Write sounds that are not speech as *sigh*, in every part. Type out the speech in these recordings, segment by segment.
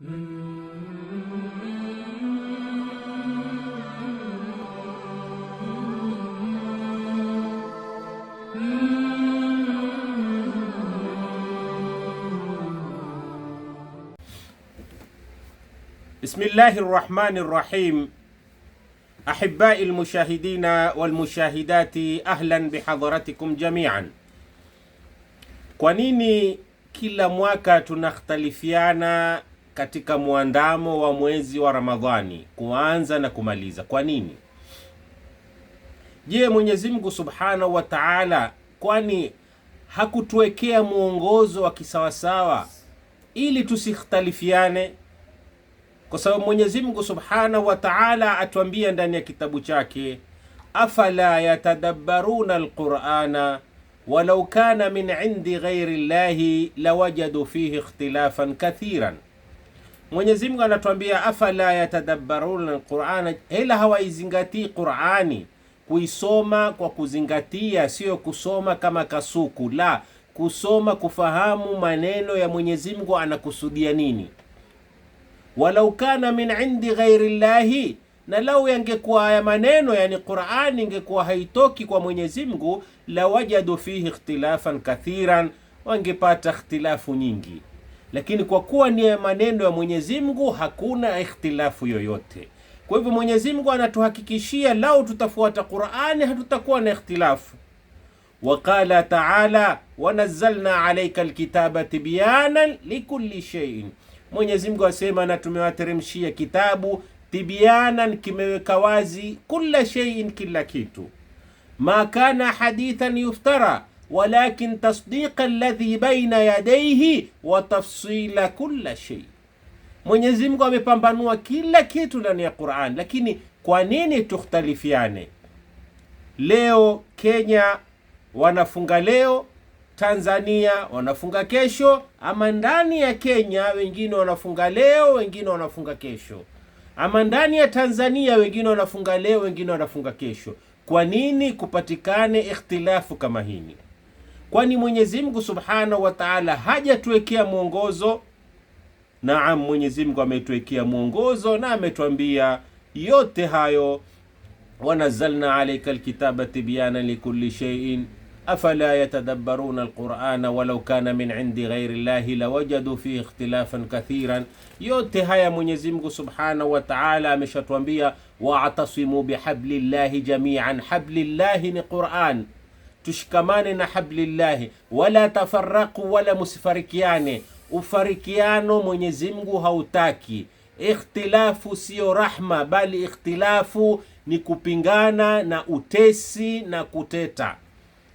بسم الله الرحمن الرحيم أحبائي المشاهدين والمشاهدات أهلا بحضرتكم جميعا Kwa nini kila mwaka tunakhtalifiana katika mwandamo wa mwezi wa Ramadhani, kuanza na kumaliza. Kwa nini? Je, Mwenyezi Mungu Subhanahu wa Ta'ala kwani hakutuwekea mwongozo wa kisawasawa ili tusikhtalifiane? Kwa sababu Mwenyezi Mungu Subhanahu wa Ta'ala atuambia ndani ya kitabu chake, afala yatadabbaruna alqur'ana walau kana min indi ghairi llahi lawajadu fihi ikhtilafan kathiran Mwenyezi Mungu anatuambia afala yatadabbaruna alquran, ila hawaizingatii Qurani, kuisoma kwa kuzingatia, sio kusoma kama kasuku. La, kusoma kufahamu maneno ya Mwenyezi Mungu anakusudia nini. walau kana min indi ghairi llahi, na lau yangekuwa haya maneno, yani Qurani ingekuwa haitoki kwa Mwenyezi Mungu, wajadu fihi ikhtilafan kathiran, wangepata ikhtilafu nyingi lakini kwa kuwa ni maneno ya Mwenyezi Mungu hakuna ikhtilafu yoyote. Kwa hivyo Mwenyezi Mungu anatuhakikishia lao tutafuata Qur'ani hatutakuwa na ikhtilafu. Waqala ta'ala wanazzalna alayka alkitaba tibyanan likulli shay'in, Mwenyezi Mungu asema na tumewateremshia kitabu tibyanan, kimeweka wazi, kila shay'in, kila kitu. Ma kana hadithan yuftara walakin tasdiqa alladhi baina yadayhi wa tafsila kulla shay. Mwenyezi Mungu amepambanua kila kitu ndani ya Qur'an, lakini kwa nini tukhtalifiane? Leo Kenya wanafunga leo, Tanzania wanafunga kesho, ama ndani ya Kenya wengine wanafunga leo, wengine wanafunga kesho, ama ndani ya Tanzania wengine wanafunga leo, wengine wanafunga kesho. Kwa nini kupatikane ikhtilafu kama hili? kwani Mwenyezi Mungu Subhanahu wa Ta'ala hajatuwekea mwongozo. Naam, Mwenyezi Mungu ametuwekea mwongozo na ametuambia yote hayo, wanazalna alayka alkitaba tibyana likulli shay'in afala yatadabbaruna alqur'ana walau kana min indi ghairi llahi lawajadu fihi ikhtilafan kathiran. Yote haya Mwenyezi Mungu Subhanahu wa Ta'ala ameshatuambia, waatasimu bihablillahi jami'an. Hablillahi ni Qur'an tushikamane na hablillahi, wala tafaraqu, wala musifarikiane. Ufarikiano Mwenyezi Mungu hautaki. Ikhtilafu siyo rahma, bali ikhtilafu ni kupingana na utesi na kuteta.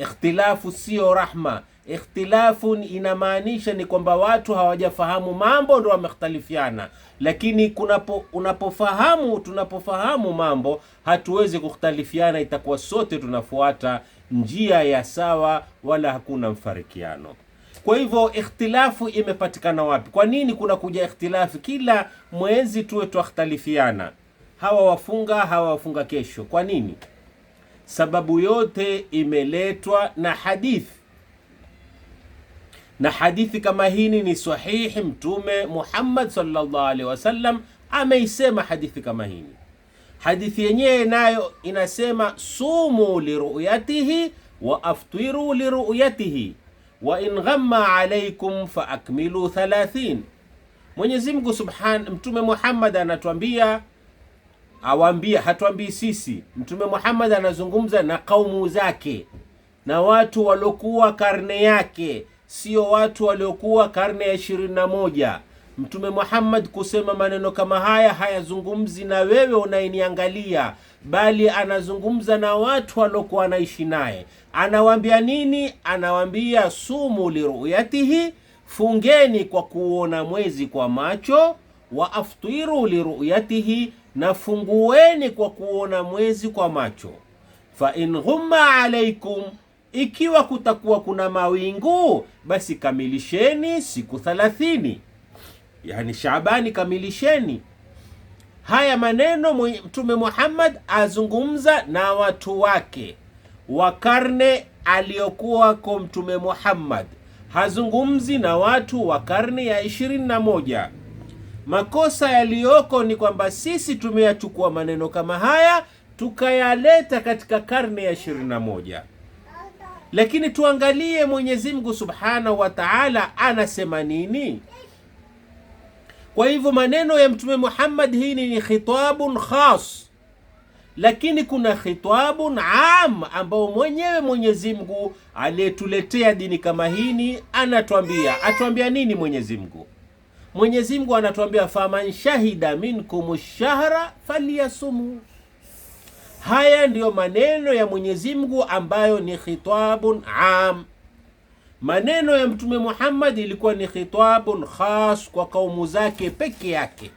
Ikhtilafu siyo rahma. Ikhtilafu inamaanisha ni kwamba watu hawajafahamu mambo ndo wamekhtalifiana, lakini kunapo, unapofahamu tunapofahamu mambo hatuwezi kukhtalifiana, itakuwa sote tunafuata njia ya sawa, wala hakuna mfarikiano. Kwa hivyo ikhtilafu imepatikana wapi? Kwa nini kuna kuja ikhtilafu kila mwezi tuwe twakhtalifiana? Hawa wafunga, hawa wafunga kesho. Kwa nini? Sababu yote imeletwa na hadithi, na hadithi kama hini ni sahihi. Mtume Muhammad sallallahu alaihi wasallam ameisema hadithi kama hini Hadithi yenyewe nayo inasema sumu liruyatihi wa aftiru liruyatihi wa in ghamma alaykum fa akmilu 30. Mwenyezi Mungu subhan, Mtume Muhammad anatuambia awaambia, hatuambii sisi. Mtume Muhammad anazungumza na kaumu zake na watu waliokuwa karne yake, sio watu waliokuwa karne ya ishirini na moja. Mtume Muhammad kusema maneno kama haya hayazungumzi na wewe unayeniangalia, bali anazungumza na watu waliokuwa wanaishi naye. Anawaambia nini? Anawaambia sumu liruyatihi, fungeni kwa kuona mwezi kwa macho, wa aftiru liruyatihi, na fungueni kwa kuona mwezi kwa macho. Fa in ghumma alaikum ikiwa kutakuwa kuna mawingu, basi kamilisheni siku thalathini yani Shabani kamilisheni. Haya maneno Mtume Muhammad azungumza na watu wake wa karne aliyokuwa Mtume Muhammad hazungumzi na watu wa karne ya ishirini na moja. Makosa yaliyoko ni kwamba sisi tumeyachukua maneno kama haya tukayaleta katika karne ya ishirini na moja, lakini tuangalie Mwenyezi Mungu Subhanahu wa Ta'ala anasema nini. Kwa hivyo maneno ya Mtume Muhammad hii ni khitabun khas, lakini kuna khitabun am ambao mwenyewe Mwenyezi Mungu aliyetuletea dini kama hini anatuambia. Atuambia nini Mwenyezi Mungu? Mwenyezi Mungu anatuambia faman shahida minkum shahra falyasumu. Haya ndiyo maneno ya Mwenyezi Mungu ambayo ni khitabun am. Maneno ya Mtume Muhammad ilikuwa ni khitabun khas kwa kaumu zake peke yake.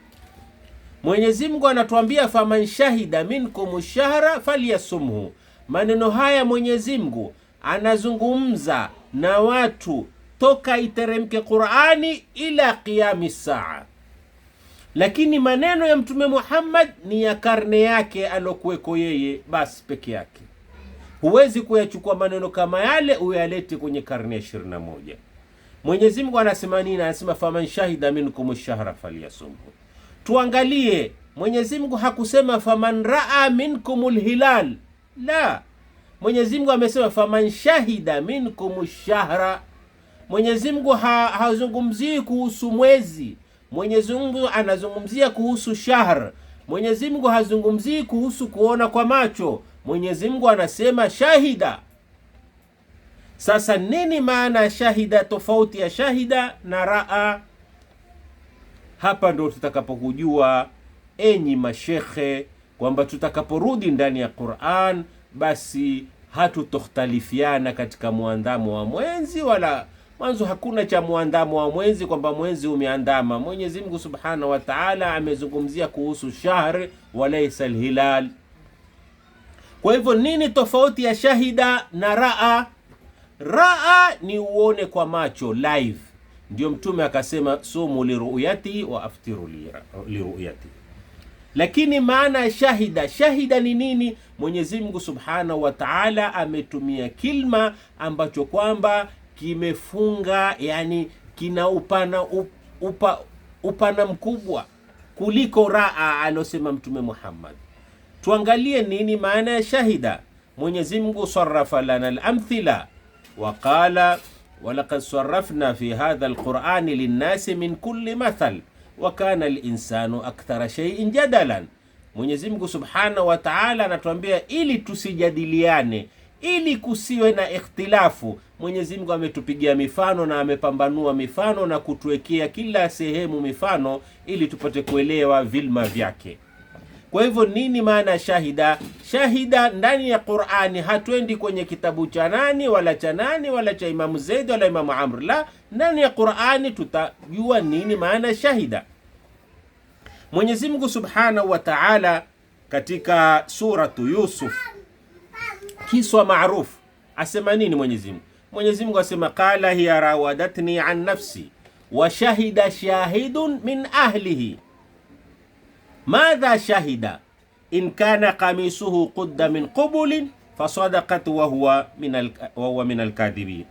Mwenyezi Mungu anatuambia faman shahida minkum shahra falyasumhu. Maneno haya Mwenyezi Mungu anazungumza na watu toka iteremke Qur'ani ila qiyami saa, lakini maneno ya Mtume Muhammad ni ya karne yake alokuweko yeye basi peke yake. Huwezi kuyachukua maneno kama yale uyalete kwenye karne ya 21. Mwenyezi Mungu anasema nini? Anasema faman shahida minkum shahra falyasumhu. Tuangalie, Mwenyezi Mungu hakusema faman raa minkum hilal, la, Mwenyezi Mungu amesema faman shahida minkum shahra. Mwenyezi Mungu ha hazungumzii kuhusu mwezi, Mwenyezi Mungu anazungumzia kuhusu shahr. Mwenyezi Mungu hazungumzii kuhusu kuona kwa macho Mwenyezi Mungu anasema shahida. Sasa nini maana ya shahida, tofauti ya shahida na raa? Hapa ndo tutakapokujua enyi mashekhe kwamba tutakaporudi ndani ya Qur'an basi hatutokhtalifiana katika muandamo wa mwenzi wala mwanzo. Hakuna cha muandamo wa mwenzi kwamba mwenzi umeandama. Mwenyezi Mungu Subhanahu wa Ta'ala amezungumzia kuhusu shahr, walaysa alhilal. Kwa hivyo nini tofauti ya shahida na raa? Raa ni uone kwa macho live, ndio Mtume akasema sumu liruyati wa aftiru liruyati. Lakini maana ya shahida, shahida ni nini? Mwenyezi Mungu Subhanahu wa Ta'ala ametumia kilma ambacho kwamba kimefunga, yani kina upana upa, upana mkubwa kuliko raa alosema Mtume Muhammad tuangalie nini maana ya shahida. Mwenyezi Mungu sarafa lana lamthila wa qala walaqad sarafna fi hadha alqurani linnasi min kulli mathal wa kana alinsanu akthara shay'in jadalan. Mwenyezi Mungu subhanahu wa taala anatuambia ili tusijadiliane, ili kusiwe na ikhtilafu. Mwenyezi Mungu ametupigia mifano na amepambanua mifano na kutuwekea kila sehemu mifano ili tupate kuelewa vilma vyake. Kwa hivyo nini maana ya shahida? Shahida ndani ya Qur'ani, hatuendi kwenye kitabu cha nani wala cha nani wala cha Imamu Zaid wala Imamu Amr, la, ndani ya Qur'ani tutajua nini maana ya shahida. Mwenyezi Mungu Subhanahu wa Ta'ala katika suratu Yusuf, kiswa maarufu, asema nini Mwenyezi Mungu? Mwenyezi Mungu asema qala hiya rawadatni an nafsi wa shahida shahidun min ahlihi madha shahida in kana kamisuhu qudda min qubulin fasadakat wahuwa min alkadhibin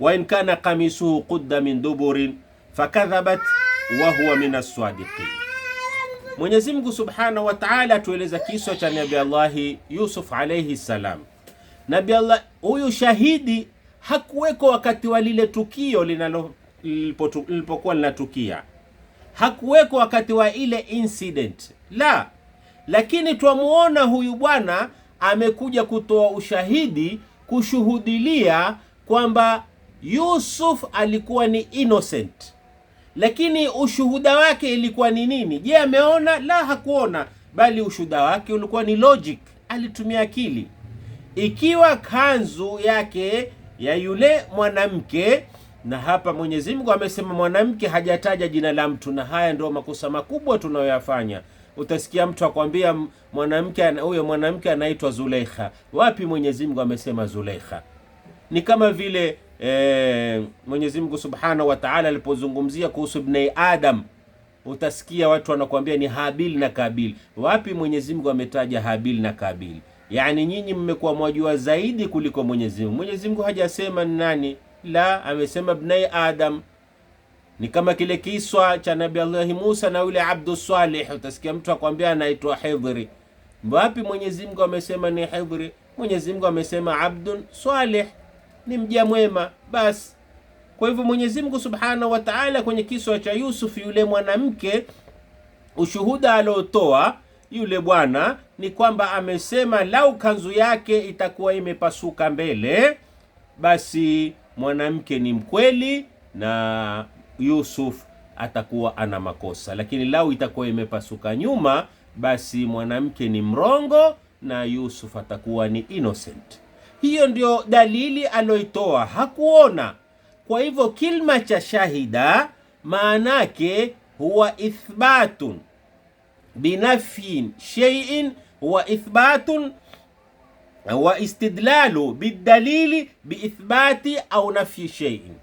wa in kana kamisuhu qudda min duburin fakadhabat wahuwa min alswadiqin. Mwenyezi Mungu subhanahu wa taala atueleza kiswa cha Nabi Allahi Yusuf alayhi salam. Nabi Allah huyu shahidi hakuweko wakati wa lile tukio lilipokuwa linatukia hakuweko wakati wa ile incident la, lakini twamuona huyu bwana amekuja kutoa ushahidi kushuhudilia kwamba Yusuf alikuwa ni innocent. Lakini ushuhuda wake ilikuwa ni nini? Je, ameona? La, hakuona, bali ushuhuda wake ulikuwa ni logic, alitumia akili. Ikiwa kanzu yake ya yule mwanamke na hapa Mwenyezi Mungu amesema mwanamke, hajataja jina la mtu, na haya ndio makosa makubwa tunayoyafanya. Utasikia mtu akwambia mwanamke huyo, mwanamke anaitwa Zulaikha. Wapi Mwenyezi Mungu amesema Zulaikha? Ni kama vile e, Mwenyezi Mungu Subhanahu wa Ta'ala alipozungumzia kuhusu Ibn Adam, utasikia watu wanakuambia ni Habil na Kabil. Wapi Mwenyezi Mungu ametaja Habil na Kabil? Yaani nyinyi mmekuwa mwajua zaidi kuliko Mwenyezi Mungu. Mwenyezi Mungu hajasema ni nani la, amesema bnai Adam ni kama kile kiswa cha nabi Allahi Musa na yule abdu salih. Utasikia mtu akwambia anaitwa Hidhri. Wapi Mwenyezi Mungu amesema ni Hidhri? Mwenyezi Mungu amesema abdun salih, ni mja mwema. Basi kwa hivyo Mwenyezi Mungu Subhanahu wa Ta'ala kwenye kiswa cha Yusuf, yule mwanamke, ushuhuda aliotoa yule bwana ni kwamba amesema lau kanzu yake itakuwa imepasuka mbele basi mwanamke ni mkweli na Yusuf atakuwa ana makosa, lakini lau itakuwa imepasuka nyuma, basi mwanamke ni mrongo na Yusuf atakuwa ni innocent. Hiyo ndio dalili aloitoa, hakuona. Kwa hivyo kilma cha shahida maanake huwa ithbatun binafyin shay'in wa ithbatun wa istidlalu bidalili biithbati au nafyi shay'in,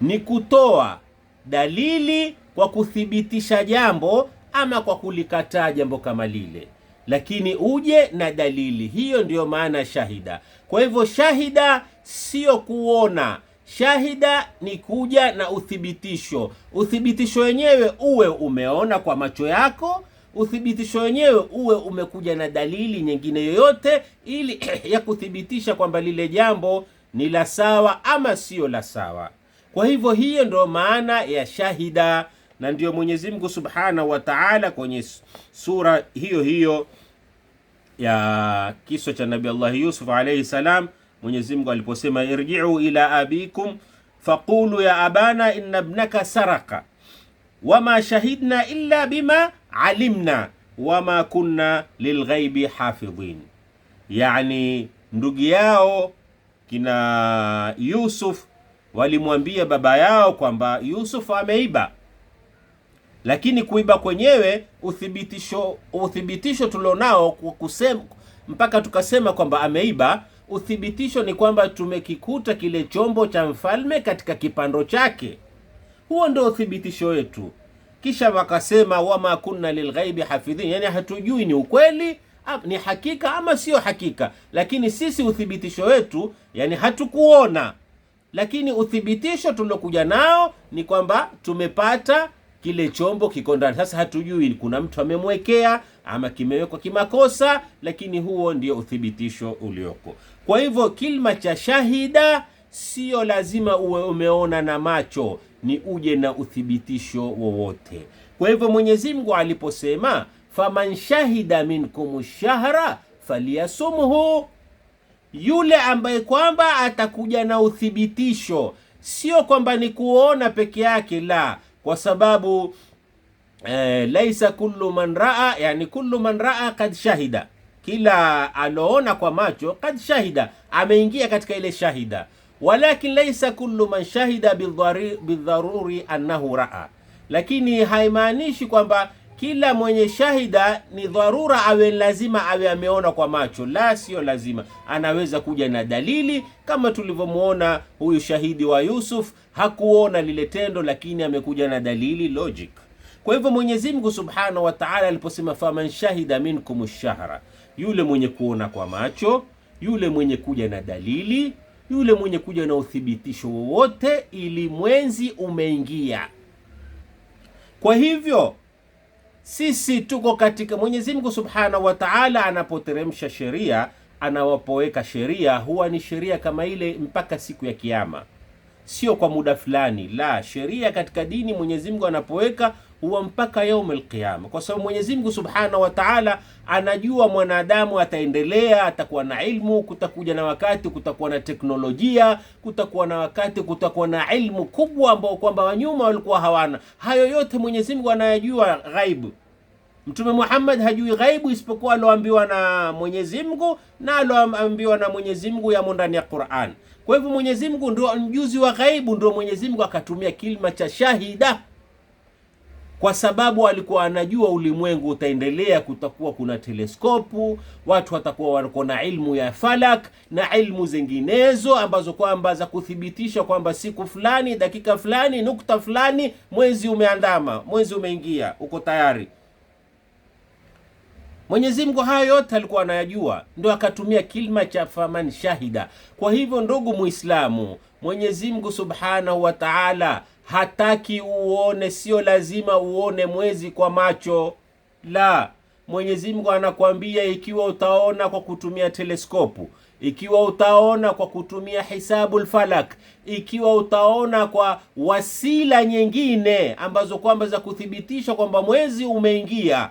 ni kutoa dalili kwa kuthibitisha jambo ama kwa kulikataa jambo kama lile, lakini uje na dalili hiyo. Ndiyo maana shahida. Kwa hivyo shahida siyo kuona, shahida ni kuja na uthibitisho. Uthibitisho wenyewe uwe umeona kwa macho yako uthibitisho wenyewe uwe umekuja na dalili nyingine yoyote ili *clears throat* ya kuthibitisha kwamba lile jambo ni la sawa ama sio la sawa. Kwa hivyo hiyo ndio maana ya shahida, na ndiyo Mwenyezi Mungu Subhanahu wa Ta'ala kwenye sura hiyo hiyo ya kiso cha Nabii Allah Yusuf alayhi salam, Mwenyezi Mungu aliposema irji'u ila abikum faqulu ya abana inna ibnaka saraka wama shahidna illa bima alimna wama kunna lilghaibi hafidhin, yani ndugu yao kina Yusuf walimwambia baba yao kwamba Yusuf ameiba, lakini kuiba kwenyewe uthibitisho uthibitisho tulionao kusema mpaka tukasema kwamba ameiba, uthibitisho ni kwamba tumekikuta kile chombo cha mfalme katika kipando chake. Huo ndio uthibitisho wetu kisha wakasema wama kunna lilghaibi hafidhin, yani hatujui ni ukweli ni hakika ama sio hakika, lakini sisi uthibitisho wetu yani hatukuona, lakini uthibitisho tuliokuja nao ni kwamba tumepata kile chombo kiko ndani. Sasa hatujui kuna mtu amemwekea ama kimewekwa kimakosa, lakini huo ndio uthibitisho ulioko. Kwa hivyo kilma cha shahida sio lazima uwe umeona na macho ni uje na uthibitisho wowote. Kwa hivyo Mwenyezi Mungu aliposema faman shahida minkum shahra falyasumhu, yule ambaye kwamba atakuja na uthibitisho, sio kwamba ni kuona peke yake, la, kwa sababu eh, laisa kullu man raa, yani kullu man raa kad shahida, kila aloona kwa macho kad shahida, ameingia katika ile shahida walakin laisa kullu man shahida bidharuri annahu raa, lakini haimaanishi kwamba kila mwenye shahida ni dharura awe lazima awe ameona kwa macho. La, siyo lazima, anaweza kuja na dalili, kama tulivyomwona huyu shahidi wa Yusuf hakuona lile tendo, lakini amekuja na dalili logic. Kwa hivyo Mwenyezi Mungu Subhanahu wa Ta'ala aliposema faman shahida minkum shahra, yule mwenye kuona kwa macho, yule mwenye kuja na dalili yule mwenye kuja na uthibitisho wowote ili mwenzi umeingia. Kwa hivyo sisi tuko katika Mwenyezi Mungu Subhanahu wa Ta'ala, anapoteremsha sheria, anawapoweka sheria, huwa ni sheria kama ile mpaka siku ya Kiyama sio kwa muda fulani. La, sheria katika dini Mwenyezi Mungu anapoweka huwa mpaka yaumul qiyama, kwa sababu Mwenyezi Mungu Subhanahu wa Ta'ala anajua mwanadamu ataendelea, atakuwa na ilmu, kutakuja na wakati kutakuwa na teknolojia, kutakuwa na wakati kutakuwa na ilmu kubwa ambao kwamba wanyuma walikuwa hawana. Hayo yote Mwenyezi Mungu anayajua ghaibu. Mtume Muhammad hajui ghaibu isipokuwa aloambiwa na Mwenyezi Mungu na aloambiwa na Mwenyezi Mungu yamo ndani ya Qur'an. Kwa hivyo Mwenyezi Mungu ndio mjuzi wa ghaibu, ndio Mwenyezi Mungu akatumia kilima cha shahida, kwa sababu alikuwa anajua ulimwengu utaendelea, kutakuwa kuna teleskopu, watu watakuwa wako na ilmu ya falak na ilmu zinginezo ambazo kwamba za kuthibitisha kwamba siku fulani, dakika fulani, nukta fulani, mwezi umeandama, mwezi umeingia, uko tayari. Mwenyezi Mungu hayo yote alikuwa anayajua, ndio akatumia kilima cha faman shahida. Kwa hivyo, ndugu Muislamu, Mwenyezi Mungu Subhanahu wa Ta'ala hataki uone, sio lazima uone mwezi kwa macho la Mwenyezi Mungu anakwambia, ikiwa utaona kwa kutumia teleskopu, ikiwa utaona kwa kutumia hisabu falak, ikiwa utaona kwa wasila nyingine ambazo kwamba za kuthibitisha kwamba mwezi umeingia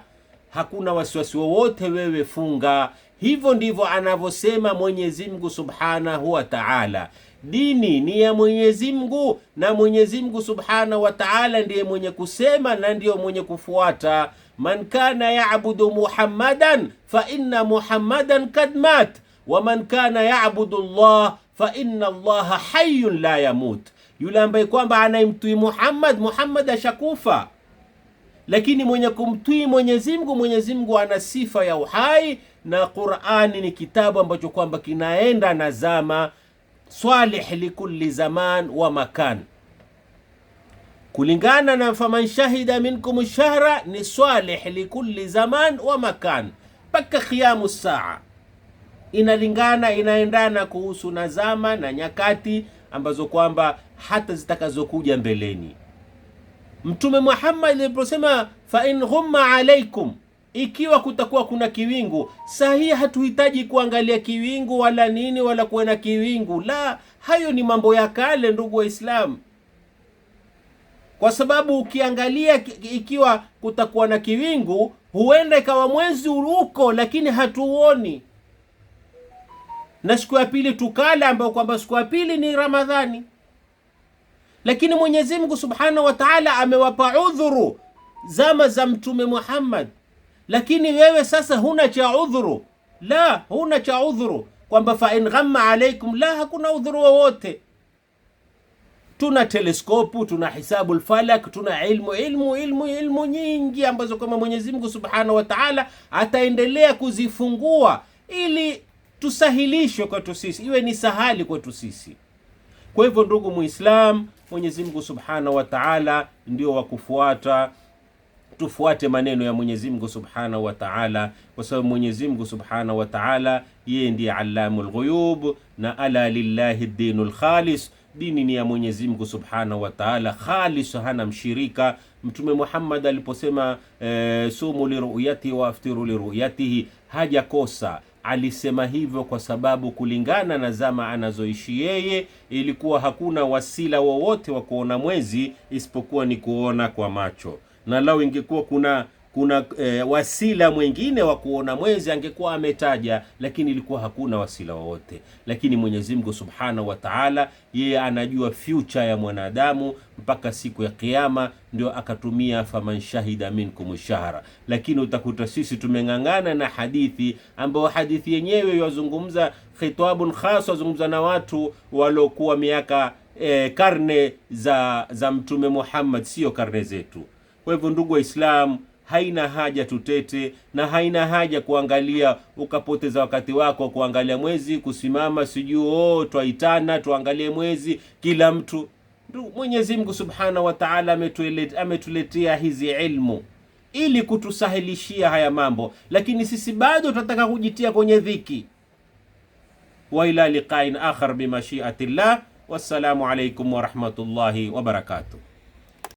hakuna wasiwasi wowote, wewe funga. Hivyo ndivyo anavyosema Mwenyezi Mungu Subhanahu wa Ta'ala. Dini ni ya Mwenyezi Mungu na Mwenyezi Mungu Subhanahu wa Ta'ala ndiye mwenye kusema na ndiyo mwenye kufuata. Man kana ya'budu Muhammadan fa inna Muhammadan kad mat wa man kana ya'budu Allah fa inna Allah hayyun la yamut, yule ambaye kwamba anayemtui Muhammad, Muhammad ashakufa lakini mwenye kumtii Mwenyezi Mungu, Mwenyezi Mungu ana sifa ya uhai, na Qur'ani ni kitabu ambacho kwamba kinaenda na zama, salih likulli zaman wa makan, kulingana na faman shahida minkum shahra ni salih likulli zaman wa makan, mpaka khiyamu saa inalingana inaendana kuhusu na zama na nyakati ambazo kwamba hata zitakazokuja mbeleni. Mtume Muhammad aliposema fa in ghumma alaikum, ikiwa kutakuwa kuna kiwingu. sahihi hatuhitaji kuangalia kiwingu wala nini wala kuwe na kiwingu, la, hayo ni mambo ya kale, ndugu Waislamu, kwa sababu ukiangalia ikiwa kutakuwa na kiwingu, huenda ikawa mwezi uruko, lakini hatuoni na siku ya pili tukala, ambayo kwamba siku ya pili ni Ramadhani. Lakini Mwenyezi Mungu Subhanahu wa Ta'ala amewapa udhuru zama za Mtume Muhammad, lakini wewe sasa huna cha udhuru, la huna cha udhuru kwamba fa in ghamma alaikum, la hakuna udhuru wowote. Tuna teleskopu, tuna hisabu lfalak, tuna ilmu ilmu ilmu ilmu nyingi ambazo kama Mwenyezi Mungu Subhanahu wa Ta'ala ataendelea kuzifungua ili tusahilishwe kwetu sisi, iwe ni sahali kwetu sisi. Kwa hivyo ndugu Muislam Mwenyezi Mungu Subhanahu wa Ta'ala ndio wa kufuata. Tufuate maneno ya Mwenyezi Mungu Subhanahu wa Ta'ala, kwa sababu Mwenyezi Mungu Subhanahu wa Ta'ala yeye ndiye Allamul Ghuyub, na ala lillahi dinul khalis Dini ni ya Mwenyezi Mungu Subhanahu wa Ta'ala khalis, hana mshirika. Mtume Muhammad aliposema e, sumu liruyati wa aftiru liruyatihi, hajakosa Alisema hivyo kwa sababu kulingana na zama anazoishi yeye, ilikuwa hakuna wasila wowote wa kuona mwezi isipokuwa ni kuona kwa macho, na lao ingekuwa kuna kuna e, wasila mwingine wa kuona mwezi angekuwa ametaja, lakini ilikuwa hakuna wasila wowote. Lakini Mwenyezi Mungu Subhanahu wa Ta'ala, yeye anajua future ya mwanadamu mpaka siku ya Kiyama, ndio akatumia faman shahida minkum shahra. Lakini utakuta sisi tumeng'ang'ana na hadithi ambayo hadithi yenyewe yazungumza khitabun khas, wazungumza na watu waliokuwa miaka e, karne za za Mtume Muhammad, sio karne zetu. Kwa hivyo ndugu Waislamu haina haja tutete, na haina haja kuangalia ukapoteza wakati wako kuangalia mwezi, kusimama sijuu oh, twaitana tuangalie mwezi kila mtu. Mwenyezi Mungu Subhanahu wa Ta'ala ametuletea hizi ilmu ili kutusahilishia haya mambo, lakini sisi bado tunataka kujitia kwenye dhiki. Wa ila liqa'in akhar bi mashi'atillah. Wassalamu alaykum wa rahmatullahi wa barakatuh.